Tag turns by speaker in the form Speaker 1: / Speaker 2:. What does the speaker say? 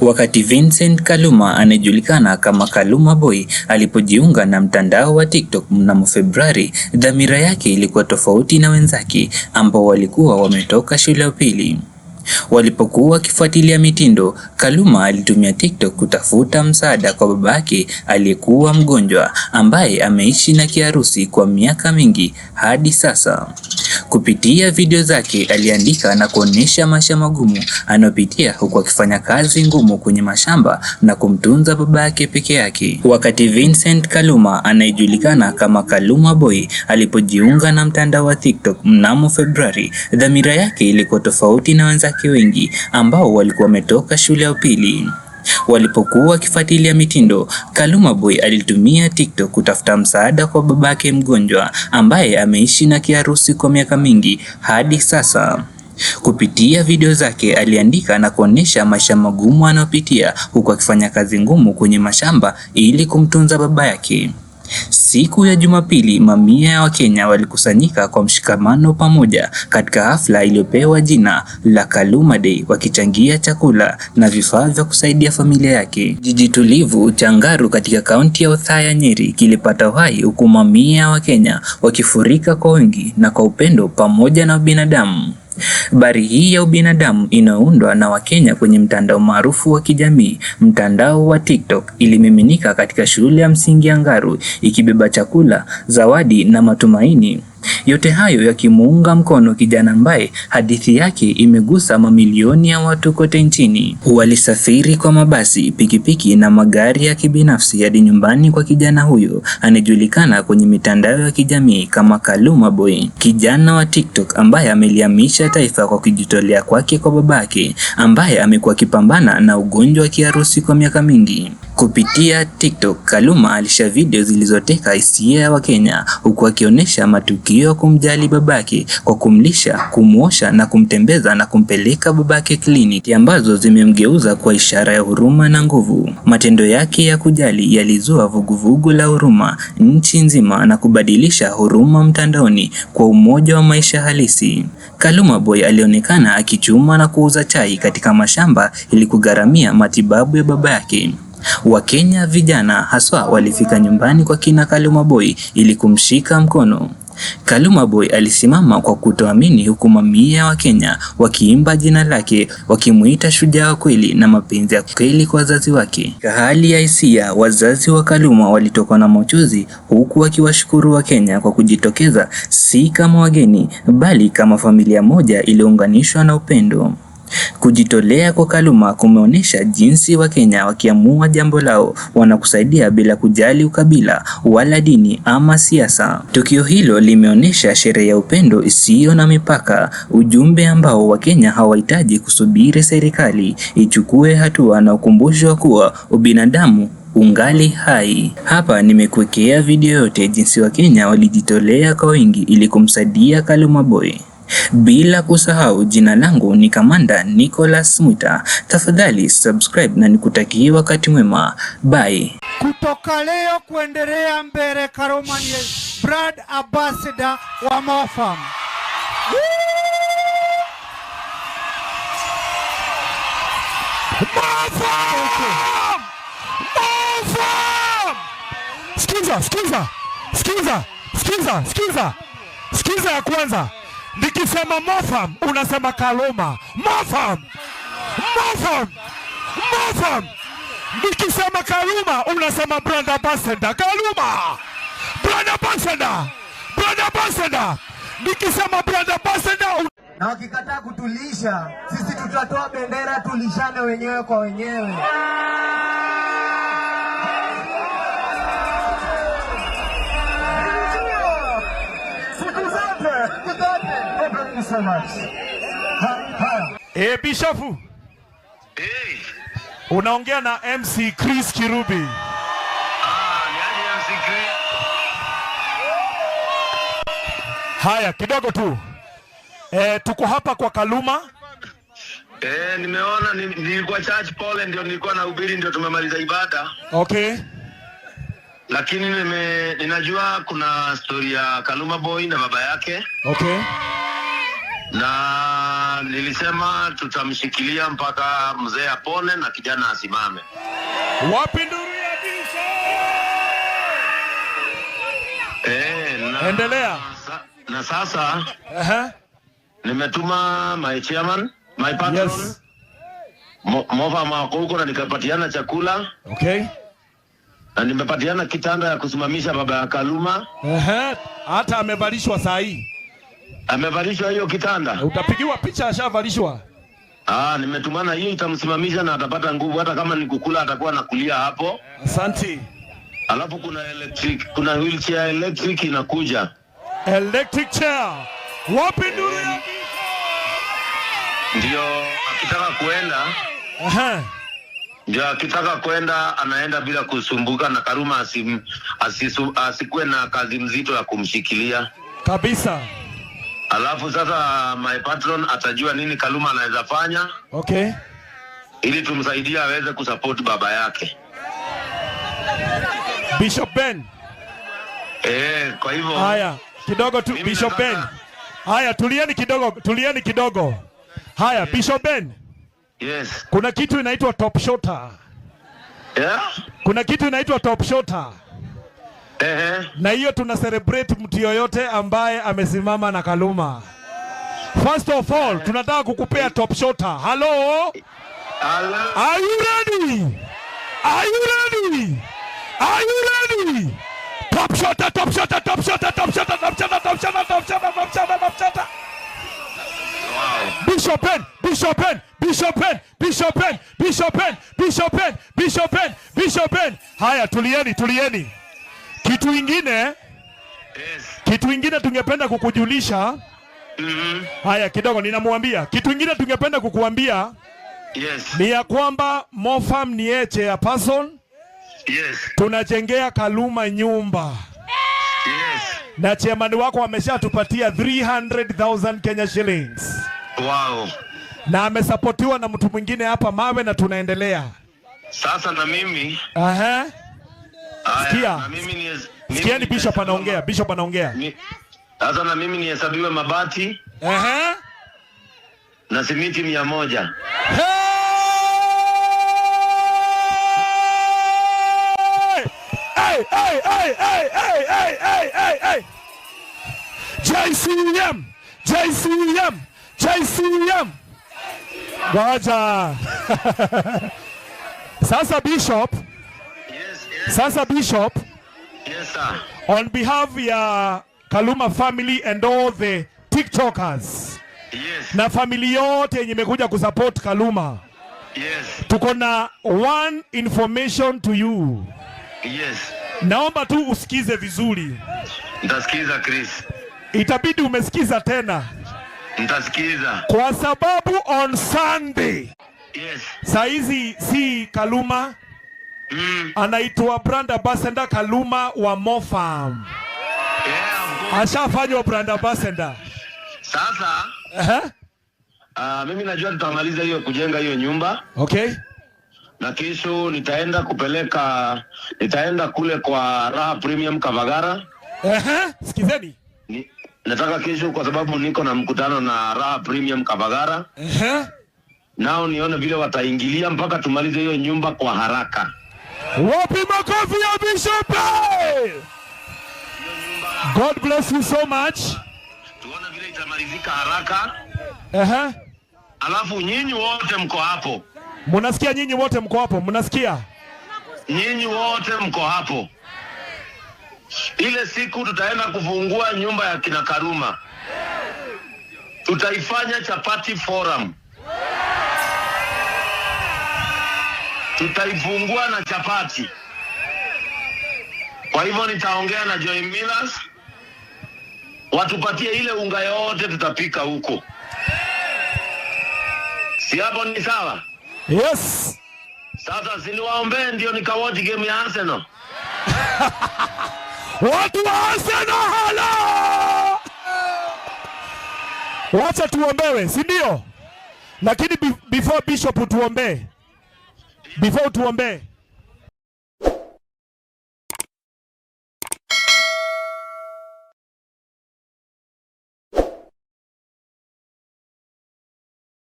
Speaker 1: wakati Vincent Kaluma anayejulikana kama Kaluma Boy alipojiunga na mtandao wa TikTok mnamo Februari, dhamira yake ilikuwa tofauti na wenzake ambao walikuwa wametoka shule ya upili. Walipokuwa wakifuatilia mitindo, Kaluma alitumia TikTok kutafuta msaada kwa babake aliyekuwa mgonjwa ambaye ameishi na kiharusi kwa miaka mingi hadi sasa. Kupitia video zake aliandika na kuonyesha maisha magumu anayopitia huku akifanya kazi ngumu kwenye mashamba na kumtunza baba yake peke yake. Wakati Vincent Kaluma anayejulikana kama Kaluma Boy alipojiunga na mtandao wa TikTok mnamo Februari, dhamira yake ilikuwa tofauti na wenzake wanawake wengi ambao walikuwa wametoka shule ya upili. Walipokuwa wakifuatilia mitindo, Kaluma Boy alitumia TikTok kutafuta msaada kwa babake mgonjwa ambaye ameishi na kiharusi kwa miaka mingi hadi sasa. Kupitia video zake aliandika na kuonesha maisha magumu anayopitia huku akifanya kazi ngumu kwenye mashamba ili kumtunza baba yake. Siku ya Jumapili, mamia ya Wakenya walikusanyika kwa mshikamano pamoja katika hafla iliyopewa jina la Kaluma Day, wakichangia chakula na vifaa vya kusaidia familia yake. Jiji tulivu cha Ngaru katika kaunti ya Othaya, Nyeri, kilipata uhai huku mamia ya Wakenya wakifurika kwa wingi na kwa upendo pamoja na binadamu. Habari hii ya ubinadamu inayoundwa na Wakenya kwenye mtandao maarufu wa kijamii, mtandao wa TikTok, ilimiminika katika shule ya msingi ya Ngaru ikibeba chakula, zawadi na matumaini. Yote hayo yakimuunga mkono kijana ambaye hadithi yake imegusa mamilioni ya watu kote nchini. Walisafiri kwa mabasi, pikipiki na magari ya kibinafsi hadi nyumbani kwa kijana huyo anayejulikana kwenye mitandao ya kijamii kama Kaluma Boy, kijana wa TikTok ambaye ameliamisha taifa kwa kujitolea kwake kwa babake ambaye amekuwa akipambana na ugonjwa wa kiharusi kwa miaka mingi. Kupitia TikTok, Kaluma alisha video zilizoteka hisia ya Wakenya huku akionyesha matukio ya kumjali babake kwa kumlisha, kumwosha na kumtembeza na kumpeleka babake kliniki ambazo zimemgeuza kwa ishara ya huruma na nguvu. Matendo yake ya kujali yalizua vuguvugu la huruma nchi nzima na kubadilisha huruma mtandaoni kwa umoja wa maisha halisi. Kaluma Boy alionekana akichuma na kuuza chai katika mashamba ili kugharamia matibabu ya baba yake. Wakenya vijana haswa walifika nyumbani kwa kina Kaluma Boy ili kumshika mkono. Kaluma Boy alisimama kwa kutoamini huku mamia ya Wakenya wakiimba jina lake wakimuita shujaa wa kweli na mapenzi ya kweli kwa wazazi wake. Hali ya hisia, wazazi wa Kaluma walitokwa na machozi huku wakiwashukuru Wakenya kwa kujitokeza si kama wageni bali kama familia moja iliyounganishwa na upendo. Kujitolea kwa Kaluma kumeonyesha jinsi Wakenya wakiamua jambo lao wanakusaidia bila kujali ukabila wala dini ama siasa. Tukio hilo limeonyesha sherehe ya upendo isiyo na mipaka, ujumbe ambao Wakenya hawahitaji kusubiri serikali ichukue hatua na ukumbusho kuwa ubinadamu ungali hai. Hapa nimekuwekea video yote jinsi Wakenya walijitolea kwa wingi ili kumsaidia Kaluma Boy. Bila kusahau jina langu ni Kamanda Nicholas Mwita. Tafadhali subscribe na nikutakie wakati mwema. Bye.
Speaker 2: Kutoka leo kuendelea mbele, Karoma ni brand ambassador wa Mafam. Mafam! Mafam! Skiza, skiza, skiza, skiza, skiza, skiza ya kwanza. Nikisema Mofam unasema Kaluma. Mofam, Mofam, Mofam. Nikisema Kaluma unasema branda Basenda. Kaluma, branda Basenda, branda Basenda. Nikisema branda Basenda na wakikataa kutulisha sisi, tutatoa bendera tulishane wenyewe kwa wenyewe. so much. Eh, Bishofu. Hey. Unaongea na MC Chris Kirubi. Haya, kidogo tu e, tuko hapa kwa Kaluma. E, nimeona
Speaker 3: nilikuwa church pole, ndio nilikuwa na ubiri, ndio tumemaliza ibada. Okay. Lakini nime, ninajua kuna story ya Kaluma Boy na baba yake. Okay na nilisema tutamshikilia mpaka mzee apone na kijana asimame. Wapi nduru ya giza? Eh, na, endelea sa, na sasa uh -huh. Nimetuma my chairman, my patron. Yes. mova mako huko na nikapatiana chakula. Okay. Na nimepatiana kitanda ya kusimamisha baba ya Kaluma. Ehe, uh hata -huh. amevalishwa saa hii. Amevalishwa hiyo kitanda. Utapigiwa picha ashavalishwa. Ah, nimetumana hiyo itamsimamisha na atapata nguvu hata kama ni kukula atakuwa nakulia hapo. Asante. Alafu kuna electric, kuna wheelchair electric inakuja.
Speaker 2: Electric
Speaker 3: chair. Wapi nuru ya ndio akitaka kuenda. Aha. Ndio akitaka kwenda anaenda bila kusumbuka na Karuma asim, asisu, asikuwe na kazi mzito ya kumshikilia kabisa alafu sasa my patron atajua nini Kaluma anaweza fanya okay, ili tumsaidie aweze kusupport baba yake
Speaker 2: Bishop Ben. Eh, kwa hivyo haya kidogo tu, Bishop Ben. Haya, tulieni kidogo, tulieni kidogo. Haya, yes. Bishop Ben. Yes. Kuna kitu inaitwa top shota. Yeah? Kuna kitu inaitwa top shota. Ehe. na hiyo tuna celebrate mtu yoyote ambaye amesimama na Kaluma. First of all, tunataka kukupea top shota. Hello? Hello. Are you ready? Are you ready? Are you ready? Top shota, top shota, top shota, top shota, top shota, top shota, top shota, top shota, top shota. Bishop Ben, Bishop Ben, Bishop Ben, Bishop Ben, Bishop Ben, Bishop Ben, Bishop Ben, Bishop Ben. Haya, tulieni, tulieni. Kitu ingine yes. Kitu ingine tungependa kukujulisha mm -hmm. Haya kidogo ninamwambia kitu ingine tungependa kukuambia yes. Ni ya kwamba Mofam ni eche ya person yes. Tunajengea Kaluma nyumba yes. Na chairman wako ameshatupatia 300,000 Kenya shillings wow. Na amesapotiwa na mtu mwingine hapa mawe na tunaendelea
Speaker 3: sasa na mimi
Speaker 2: Aha. Sikia. sikia ni bishop anaongea, bishop anaongea.
Speaker 3: Sasa na mimi nihesabiwe mabati. Ehe. Na simiti mia moja.
Speaker 2: JCM, JCM, JCM. Ngoja. Sasa bishop sasa Bishop, yes, sir. on behalf ya Kaluma family and all the TikTokers yes. na family yote yenye imekuja kusupport Kaluma yes. tuko na one information to you yes. naomba tu usikize vizuri.
Speaker 3: Nitasikiza Chris.
Speaker 2: Itabidi umesikiza tena.
Speaker 3: Nitasikiza.
Speaker 2: Kwa sababu on Sunday. Yes. Saizi si Kaluma mm. anaitwa brand ambassador Kaluma wa Mofam yeah, ashafanywa brand ambassador sasa. uh-huh.
Speaker 3: Uh, mimi najua tutamaliza hiyo kujenga hiyo nyumba okay na kesho nitaenda kupeleka nitaenda kule kwa Raha Premium Kavagara. Ehe, sikizeni. nataka kesho kwa sababu niko na mkutano na Raha Premium Kavagara. Ehe. Nao nione vile wataingilia mpaka tumalize
Speaker 2: hiyo nyumba kwa haraka. Wapi makofi ya Bishop! God bless you so much. Tuona vile itamalizika haraka. Eh eh. Alafu nyinyi wote mko hapo. Mnasikia nyinyi wote mko hapo. Mnasikia? Nyinyi wote mko hapo.
Speaker 3: Ile siku tutaenda kufungua nyumba ya kina Karuma. Tutaifanya chapati forum. tutaipungua na chapati. Kwa hivyo nitaongea na Joy Millers watupatie ile unga yote tutapika huko, si hapo ni sawa?
Speaker 2: Yes.
Speaker 3: Sasa siliwaombee ndio nikawatch game ya Arsenal
Speaker 2: watu wa Arsenal hala, wacha tuombewe, si ndio? Lakini before Bishop tuombee. Before tuombe